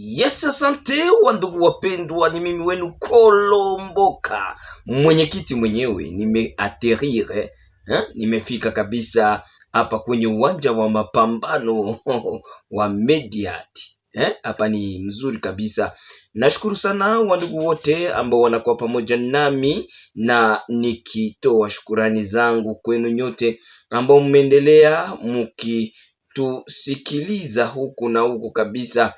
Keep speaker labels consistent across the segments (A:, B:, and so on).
A: Yes, asante wandugu wapendwa, ni mimi wenu Kolomboka, mwenyekiti mwenyewe. Nimeaterire eh, nimefika kabisa hapa kwenye uwanja wa mapambano wa Mediat eh, hapa eh, ni mzuri kabisa. Nashukuru sana wandugu wote ambao wanakuwa pamoja nami, na nikitoa shukurani zangu kwenu nyote ambao mmeendelea mukitusikiliza huku na huku kabisa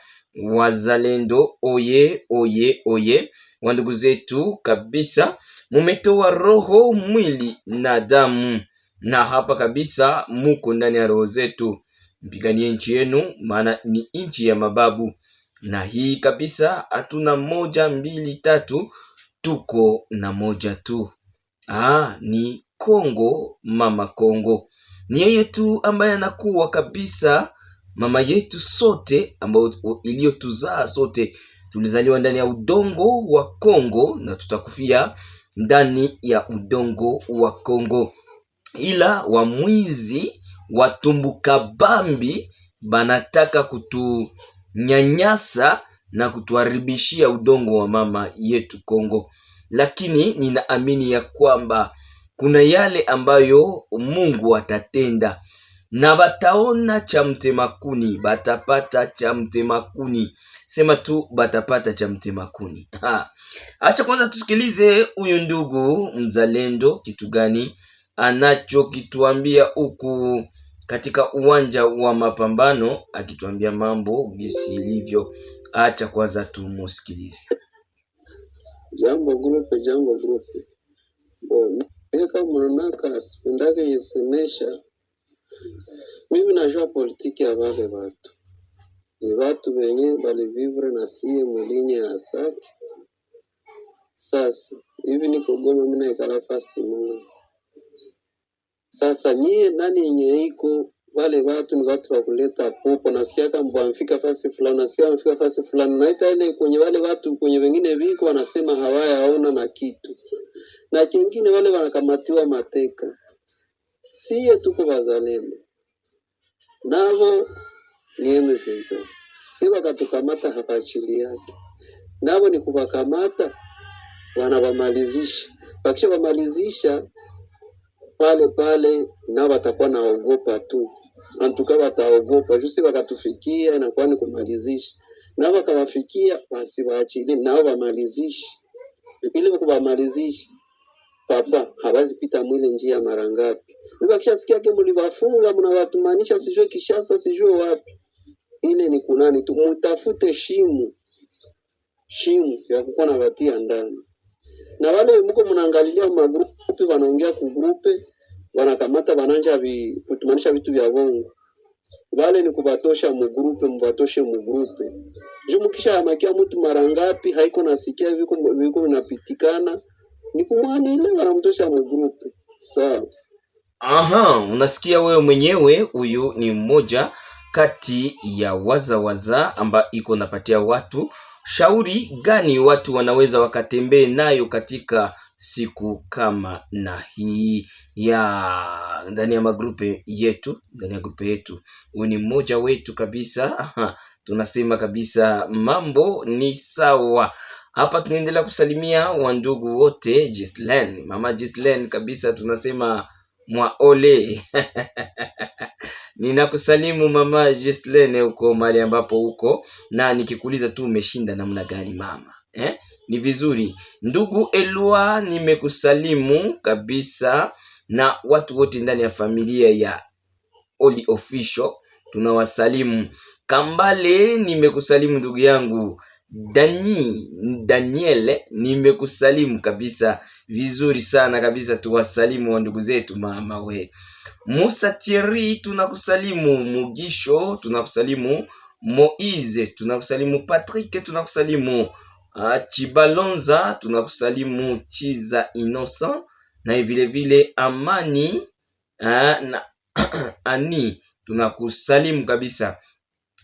A: Wazalendo oye oye oye! Wandugu zetu kabisa, mumetoa roho, mwili na damu, na hapa kabisa muko ndani ya roho zetu. Mpiganie nchi yenu, maana ni nchi ya mababu, na hii kabisa hatuna moja mbili tatu, tuko na moja tu. Ah, ni Kongo, mama Kongo ni yeye tu ambaye anakuwa kabisa mama yetu sote ambayo iliyotuzaa sote tulizaliwa ndani ya udongo wa Kongo na tutakufia ndani ya udongo wa Kongo, ila wamwizi watumbuka bambi banataka kutunyanyasa na kutuharibishia udongo wa mama yetu Kongo, lakini ninaamini ya kwamba kuna yale ambayo Mungu atatenda na bataona cha mtemakuni, batapata cha mtemakuni. Sema tu batapata cha mtemakuni kuni. Acha kwanza tusikilize huyu ndugu mzalendo kitu gani anachokituambia huku katika uwanja wa mapambano, akituambia mambo gisi ilivyo. Acha kwanza tumusikilize.
B: Jambo grupe, jambo grupe, kama mwananaka sipendake isemesha mimi najua politiki ya vale vatu ni batu benye balivivre na sie mulinye ya asaki. Sasa hivi ni Goma, mimi fasi moja. Sasa nyie nani yenye iko wale watu ni watu wakuleta popo. Nasikia kama wamefika fasi fulani, nasikia wamefika fasi fulani, naita ile kwenye wale watu kwenye wengine viko wanasema hawayaona na kitu, na kingine wale wanakamatiwa mateka siye tuko wazalendo, navo ni M23, si wakatukamata hapachili yake, navo ni kuwakamata wanawamalizisha, wakisha wamalizisha pale pale, nao watakuwa naogopa tu, antuka wataogopa jusi, wakatufikia inakuwa ni kumalizisha, nao wakawafikia, basi waachili nao wamalizishi, ili kuwamalizishi papa hawezi pita mwile njia mara ngapi? Bibi akishasikiake mliwafunga mnawatumanisha sijue Kishasa sijue wapi, ile ni kunani tu, mutafute shimu shimu ya kukuwa na watia ndani, na wale mko mnaangalilia magrupe wanaongea kugrupe, wanakamata wananja vi, kutumanisha vitu vya vongo wale ni kubatosha mugrupe, mbatoshe mugrupe. Juu mkisha hamakia mtu mara ngapi, haiko nasikia viko viko vinapitikana ni Sawa.
A: Aha, unasikia wewe mwenyewe, huyu ni mmoja kati ya wazawaza ambayo iko napatia watu shauri gani watu wanaweza wakatembee nayo katika siku kama na hii ya ndani ya magrupe yetu, ndani ya grupe yetu. Huyu ni mmoja wetu kabisa. Aha, tunasema kabisa mambo ni sawa. Hapa tunaendelea kusalimia wandugu wote Gislen, mama Gislen kabisa, tunasema mwaole ninakusalimu mama Gislen huko mahali ambapo uko, na nikikuuliza tu umeshinda namna gani mama eh? Ni vizuri ndugu Elua, nimekusalimu kabisa na watu wote ndani ya familia ya Oli Official tunawasalimu. Kambale, nimekusalimu ndugu yangu Dani Daniele, nimekusalimu kabisa vizuri sana kabisa. Tuwasalimu wa ndugu zetu, mama we Musa Thierry tunakusalimu Mugisho, tunakusalimu Moise, tunakusalimu Patrick, tunakusalimu ah, Chibalonza, tunakusalimu Chiza Innocent na vile vile Amani uh, na Ani, tunakusalimu kabisa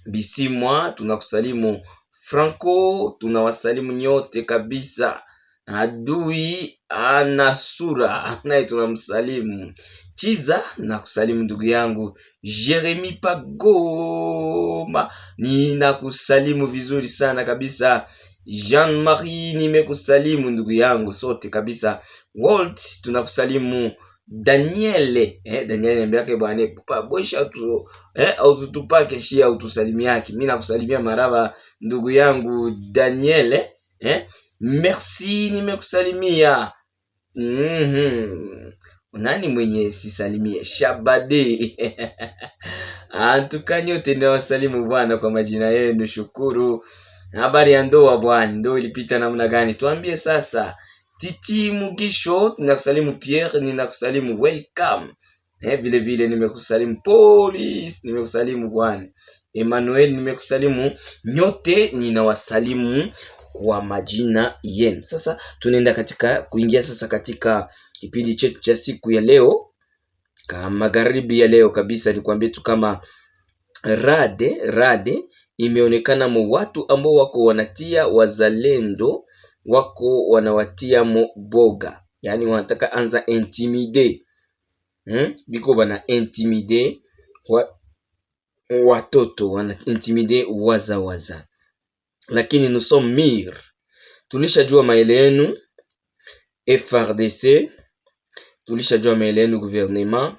A: Bisimwa, tunakusalimu Franco, tunawasalimu nyote kabisa. Adui ana sura naye tunamsalimu. Chiza na kusalimu ndugu yangu Jeremi Pagoma, ninakusalimu vizuri sana kabisa. Jean Marie, nimekusalimu ndugu yangu, sote kabisa. Walt, tunakusalimu. Daniele eh, Daniele niambia bwana kupa bosha tu eh, au tutupake shia au tusalimia yake. Mimi nakusalimia maraba ndugu yangu Daniele eh, merci nimekusalimia. Mhm. Nani mwenye sisalimie? Shabadi. Antukanyote ah, ndio wasalimu bwana kwa majina yenu, shukuru. Habari ya ndoa bwana, ndoa ilipita namna gani? Tuambie sasa. Titi Mugisho, ninakusalimu Pierre, ninakusalimu welcome. Eh, vile vile nimekusalimu Polis, nimekusalimu Bwana Emmanuel, nimekusalimu nyote, ninawasalimu kwa majina yenu. Sasa tunaenda katika kuingia sasa katika kipindi chetu cha siku ya leo, kama magharibi ya leo kabisa, nikwambie tu kama rade rade imeonekana mu watu ambao wako wanatia wazalendo wako wanawatia boga, yani wanataka anza intimide hmm? biko bana intimide wa, watoto wana intimide waza waza, lakini sommes mir tulishajua maele yenu FRDC, tulishajua maele yenu gouvernement,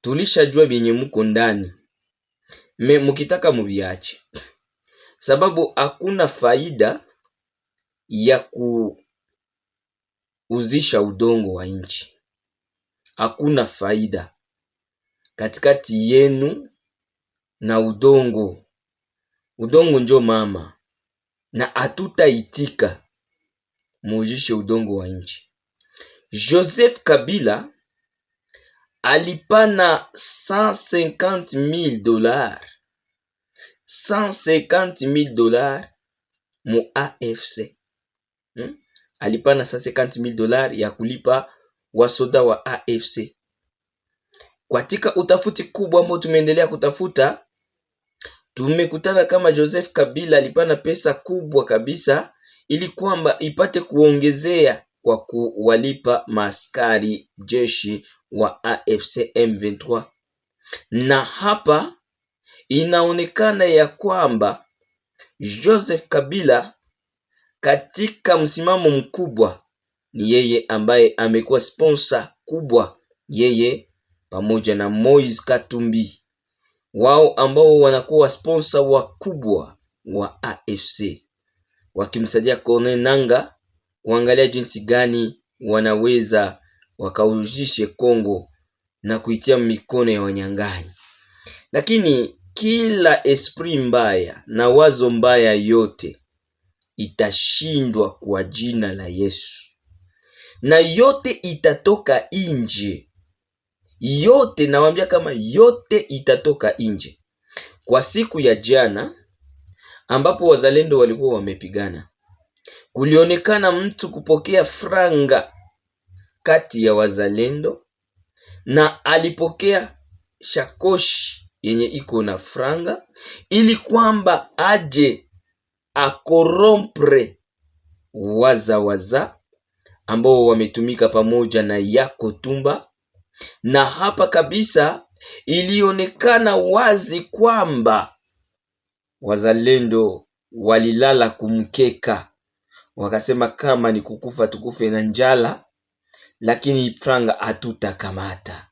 A: tulishajua binye muko ndani me mukitaka mubiache, sababu hakuna faida ya kuuzisha udongo wa nchi. Hakuna faida katikati yenu na udongo. Udongo njo mama, na hatutaitika muuzishe udongo wa nchi. Joseph Kabila alipana 150,000 dollars 150,000 dollars mu AFC hmm? Alipa na 150,000 dolari ya kulipa wasoda wa AFC. Katika utafuti kubwa ambao tumeendelea kutafuta, tumekutana kama Joseph Kabila alipana pesa kubwa kabisa ili kwamba ipate kuongezea kwa kuwalipa maskari jeshi wa AFC M23, na hapa inaonekana ya kwamba Joseph Kabila katika msimamo mkubwa ni yeye ambaye amekuwa sponsor kubwa, yeye pamoja na Moise Katumbi, wao ambao wanakuwa sponsor wakubwa wa AFC, wakimsaidia Corneille Nanga kuangalia jinsi gani wanaweza wakaujishe Kongo na kuitia mikono ya wanyang'anyi. Lakini kila esprit mbaya na wazo mbaya yote itashindwa kwa jina la Yesu, na yote itatoka nje, yote nawaambia, kama yote itatoka nje. Kwa siku ya jana ambapo wazalendo walikuwa wamepigana, kulionekana mtu kupokea franga kati ya wazalendo, na alipokea shakoshi yenye iko na franga ili kwamba aje a corrompre waza waza ambao wametumika pamoja na yako tumba na hapa kabisa ilionekana wazi kwamba wazalendo walilala kumkeka, wakasema kama ni kukufa tukufe na njala, lakini franga hatutakamata.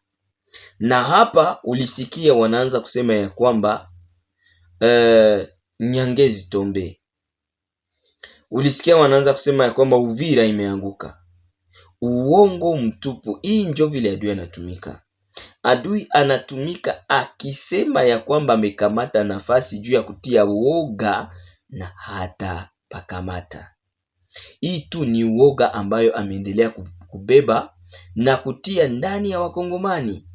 A: Na hapa ulisikia wanaanza kusema ya kwamba uh, Nyangezi Tombe Ulisikia wanaanza kusema ya kwamba Uvira imeanguka. Uongo mtupu. Hii njo vile adui anatumika. Adui anatumika akisema ya kwamba amekamata nafasi juu ya kutia uoga na hata pakamata. Hii tu ni uoga ambayo ameendelea kubeba na kutia ndani ya Wakongomani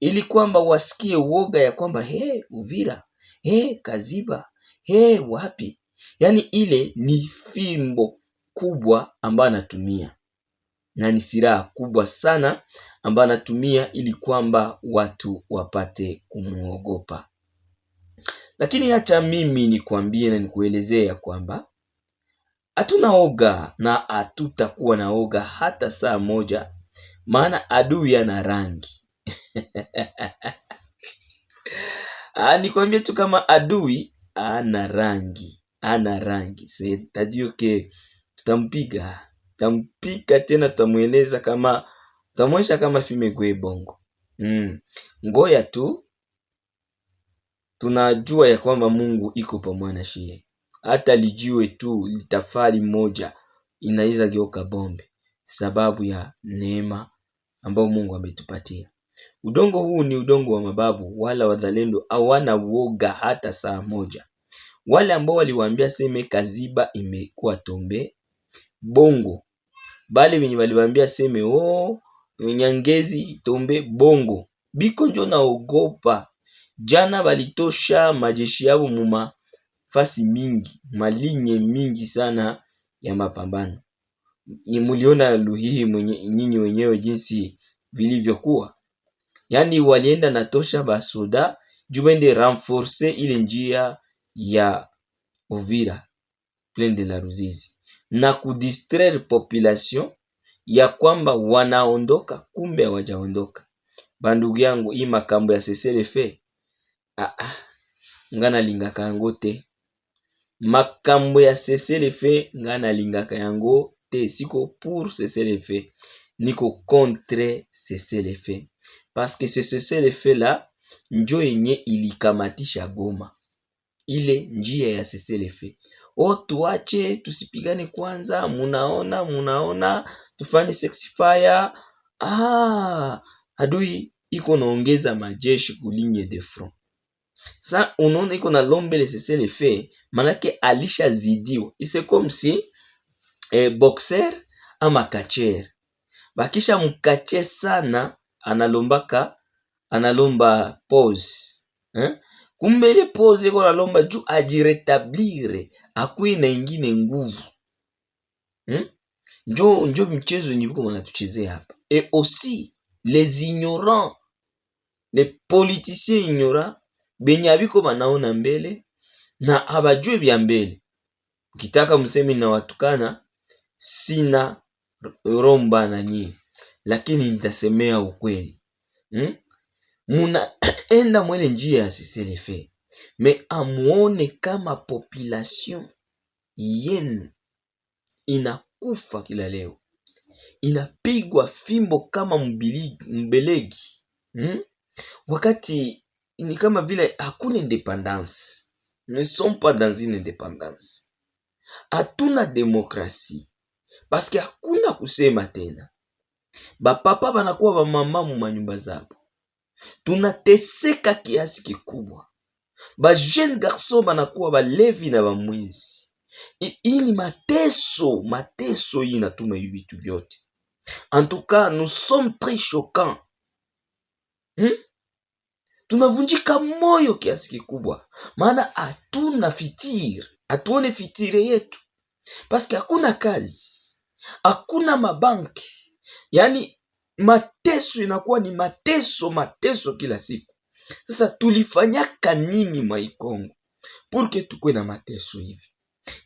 A: ili kwamba wasikie uoga ya kwamba he, Uvira he, Kaziba he, wapi Yaani ile ni fimbo kubwa ambayo anatumia na ni silaha kubwa sana ambayo anatumia ili kwamba watu wapate kumwogopa. Lakini acha mimi nikuambie na nikuelezee ya kwamba hatuna oga na hatutakuwa na oga hata saa moja, maana adui ana rangi ah, nikwambie tu kama adui ana rangi hana rangi, setadio ke tutampiga, tutampiga tena, tutamweleza kama tutamwonyesha kama filme bongo. Mm. Ngoya tu tunajua ya kwamba Mungu iko pamoja na shie, hata lijiwe tu litafari moja inaweza geuka bombe, sababu ya neema ambayo Mungu ametupatia. Udongo huu ni udongo wa mababu, wala wadhalendo hawana uoga hata saa moja wale ambao waliwaambia seme Kaziba imekuwa tombe bongo, bale wenye waliwaambia seme oh, Nyangezi tombe bongo, biko njo naogopa. Jana balitosha majeshi yao muma fasi mingi malinye mingi sana ya mapambano. Muliona Luhihi mwenye, nyinyi wenyewe jinsi vilivyokuwa, yani walienda natosha basoda juu bende renforce ile njia ya Uvira plaine de la Ruzizi na kudistraire population ya kwamba wanaondoka, kumbe hawajaondoka. Bandugu yangu, hii makambo ya seselefe ah, ah, nga nalingaka yango te. Makambo ya seselefe nga nalingaka yango te, siko pour seselefe, niko contre seselefe, parce que ce seselefe la njo yenye ilikamatisha Goma. ile njia ya seselefe o tuache tusipigane kwanza, munaona munaona, tufanye sexifier. Ah, adui iko naongeza majeshi kulinye de front. Sa unaona iko na lombele seselefe, manake alishazidiwa ise comme si eh, boxer ama kacher bakisha mkache sana, analombaka analomba pause eh? kumbele pose iko nalomba juu ajiretablire, akuye na ingine nguvu hmm? Njo njo mchezo yenye viko banatuchezea hapa, e aussi les ignorants les politiciens ignorants benye abiko banaona mbele na abajue bya mbele. Ukitaka msemi na watukana, sina romba na nyi lakini nitasemea ukweli hmm? munaenda mwele njia ya siselefe me amuone kama population yenu inakufa kila leo, inapigwa fimbo kama mbelegi hmm? Wakati ni kama vile hakuna independance, ne sont pas dans une independance, hatuna demokrasi paske hakuna kusema tena. Bapapa banakuwa bamama mu manyumba zabo, tunateseka kiasi kikubwa bajeune garso banakuwa balevi na bamwizi hii ni mateso mateso hii inatuma hivi vitu vyote en tout cas nous sommes très choquants hmm? tunavunjika moyo kiasi kikubwa maana hatuna fitire hatuone fitire yetu paske hakuna kazi hakuna mabanki yaani mateso inakuwa ni mateso mateso kila siku. Sasa tulifanyaka nini Mwaikongo purke tukwe na mateso hivi?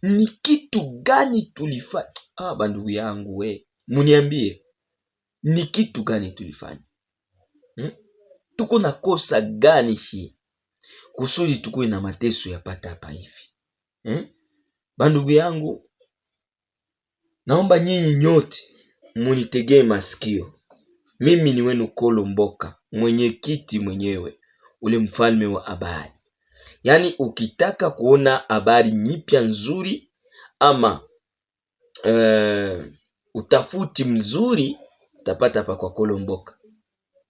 A: Ni kitu gani tulifanya? Ah, bandugu yangu we, muniambie ni kitu gani tulifanya hmm? Tuko na kosa gani shi kusudi tukwe na mateso pata hapa hivi hmm? Bandugu yangu, naomba nyinyi nyote munitegee masikio mimi ni wenu Kolo Mboka, mwenyekiti mwenyewe, ule mfalme wa habari. Yaani ukitaka kuona habari nyipya nzuri ama uh, utafuti mzuri utapata hapa kwa Kolo Mboka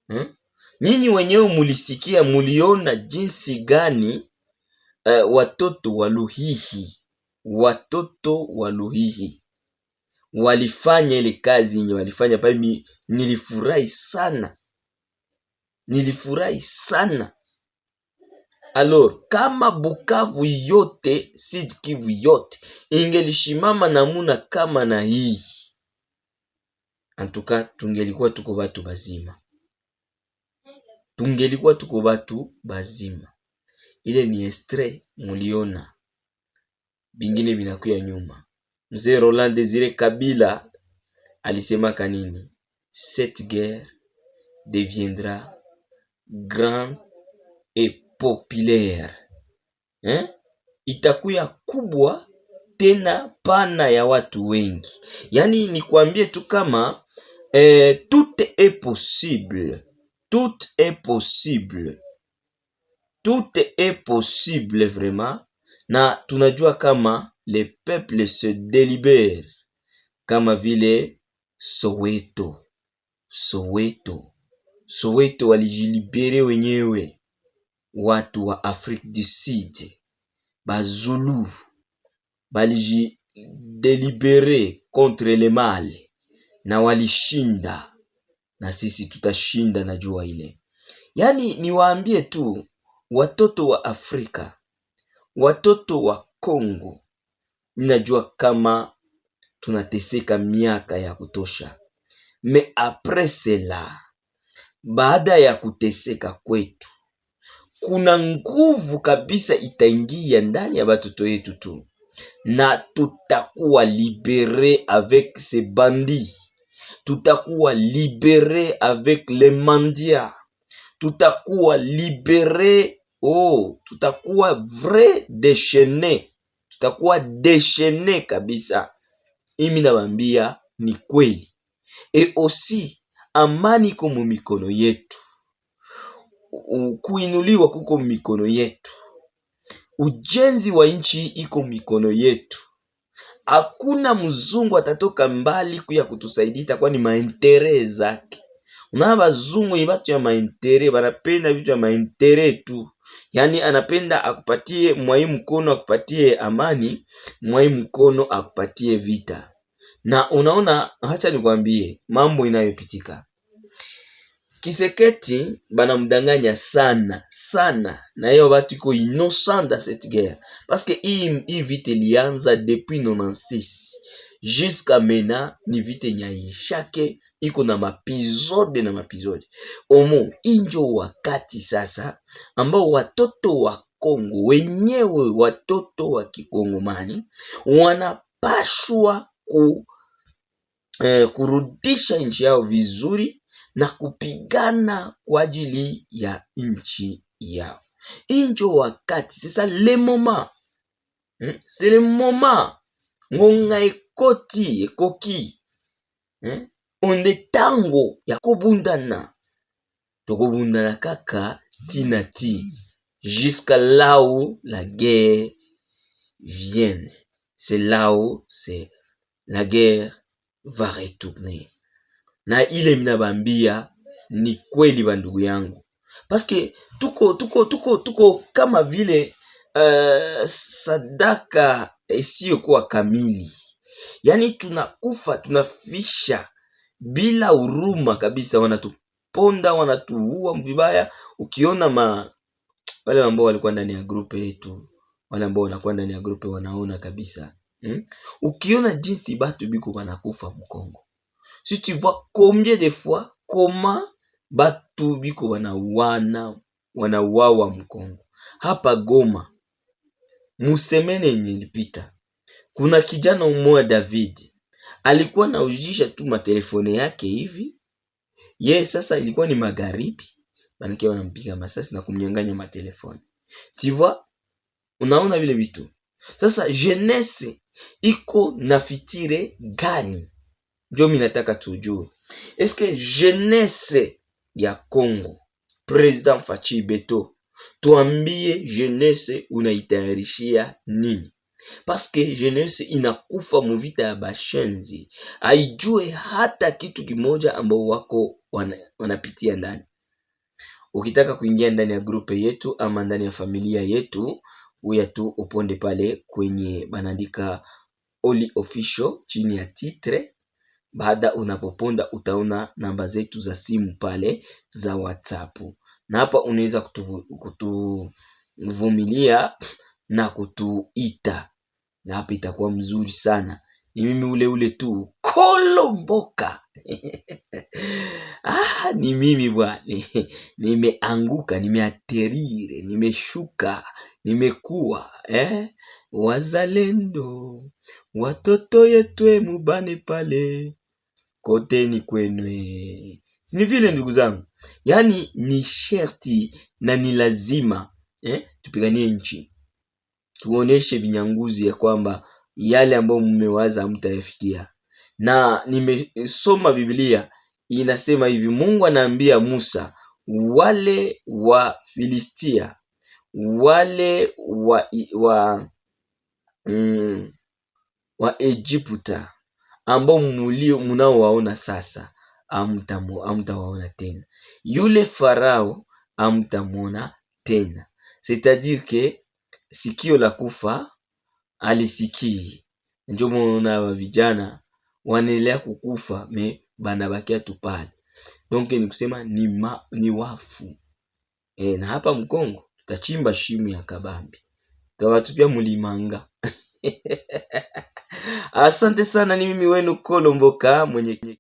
A: hmm? Nyinyi wenyewe mulisikia, muliona jinsi gani uh, watoto wa Luhihi, watoto wa Luhihi walifanya ile kazi yenye walifanya pale, nilifurahi sana, nilifurahi sana. Alors kama Bukavu yote Sud Kivu yote ingelishimama namuna kama na hii, antuka tungelikuwa tuko batu bazima, tungelikuwa tuko batu bazima. Ile ni estre muliona, bingine binakuya nyuma mzee Roland Desire Kabila alisemaka nini? Cette guerre deviendra grande et populaire hein? Itakuya kubwa tena pana ya watu wengi. Yaani nikwambie tu kama eh, tout est possible, tout est possible, tout est possible vraiment, na tunajua kama les peuples se délibèrent, kama vile Soweto. Soweto, Soweto walijilibere wenyewe watu wa Afrique du Sud, Bazulu balijidelibere contre le mal na walishinda, na sisi tutashinda na jua ile. Yaani niwaambie tu watoto wa Afrika, watoto wa Kongo ninajua kama tunateseka miaka ya kutosha me apres cela, baada ya kuteseka kwetu, kuna nguvu kabisa itaingia ndani ya batoto yetu tu, na tutakuwa libere avec ces bandi, tutakuwa libere avec les mandia, tutakuwa libere oh, tutakuwa vrai déchaîné tutakuwa deshene kabisa. Imi nawaambia ni kweli, e amani iko mu mikono yetu, kuinuliwa kuko mikono yetu, ujenzi wa nchi iko mikono yetu. Hakuna mzungu atatoka mbali kuya kutusaidia, itakuwa ni maintere zake. Unaona bazungu ni batu ya maintere, banapenda vitu ya maentere tu yaani anapenda akupatie mwai mkono akupatie amani mwai mkono akupatie vita na unaona hacha nikwambie mambo inayopitika kiseketi banamdanganya sana sana na hiyo batu iko innocent dans cette guerre parce que hii, hii vita ilianza depuis 96 Jusqu'à mena ni vita yenye shake iko na mapizode na mapizode omo. Injo wakati sasa ambao watoto wa Kongo wenyewe, watoto wa Kikongomani wanapashwa ku, eh, kurudisha nchi yao vizuri na kupigana kwa ajili ya nchi yao. Injo wakati sasa lemoma hmm? selemoma ngonga koti ekoki eh? onde ntango ya kobundana tokobundana kaka ntina ti jusqua lau la guerre vienne c'est lau où la guerre va retourner na ilemi na bambia ni kweli bandugu yangu paske tuko tuko tuko tuko kama vile uh, sadaka isiyokuwa kamili Yaani tunakufa tunafisha bila huruma kabisa, wanatuponda wanatuua vibaya. Ukiona ma wale ambao walikuwa ndani ya grupe yetu, wale ambao wanakuwa ndani ya grupe wanaona kabisa hmm? Ukiona jinsi batu biko banakufa Mkongo, si tu vois combien de fois koma batu biko banauana wanauawa Mkongo, hapa Goma musemene yenye ilipita kuna kijana mmoja David alikuwa anaujisha tu matelefone yake hivi. Ye sasa ilikuwa ni magharibi, manake wanampiga masasi na kumnyang'anya matelefone. Tu vois, unaona vile vitu sasa. Jeunesse iko na fitire gani? Ndio mimi nataka tujue, eske jeunesse ya Congo President Fachi Beto, tuambie jeunesse unaitayarishia nini? paske jenesi inakufa muvita ya bashenzi, aijue hata kitu kimoja ambao wako wana, wanapitia ndani. Ukitaka kuingia ndani ya grupe yetu ama ndani ya familia yetu, huya tu uponde pale kwenye banaandika Oli Official chini ya titre. Baada unapoponda utaona namba zetu za simu pale za WhatsApp, na hapa unaweza kutuvumilia kutu na kutuita, na hapa itakuwa mzuri sana. Ni mimi ule ule tu Kolomboka. Ah, ni mimi bwana, nimeanguka, nimeaterire, nimeshuka, nimekuwa eh? Wazalendo, watoto yetu e mubane pale koteni kwenu. E. Ni vile ndugu zangu, yaani ni sherti na ni lazima eh? Tupiganie nchi tuonyeshe vinyanguzi ya kwamba yale ambayo mmewaza mtayafikia. Na nimesoma Biblia inasema hivi, Mungu anaambia Musa, wale wa Filistia wale wa wa, mm, wa Egypta ambao mulio munaowaona sasa amtawaona tena, yule Farao amtamwona tena, c'est-à-dire que sikio la kufa alisikii. Ndio maana vijana wanaendelea kukufa me banabakia tu pale, donc ni kusema ni, ma, ni wafu e. Na hapa Mkongo tachimba shimu ya kabambi tawatupia mulimanga Asante sana, ni mimi wenu Kolomboka mwenye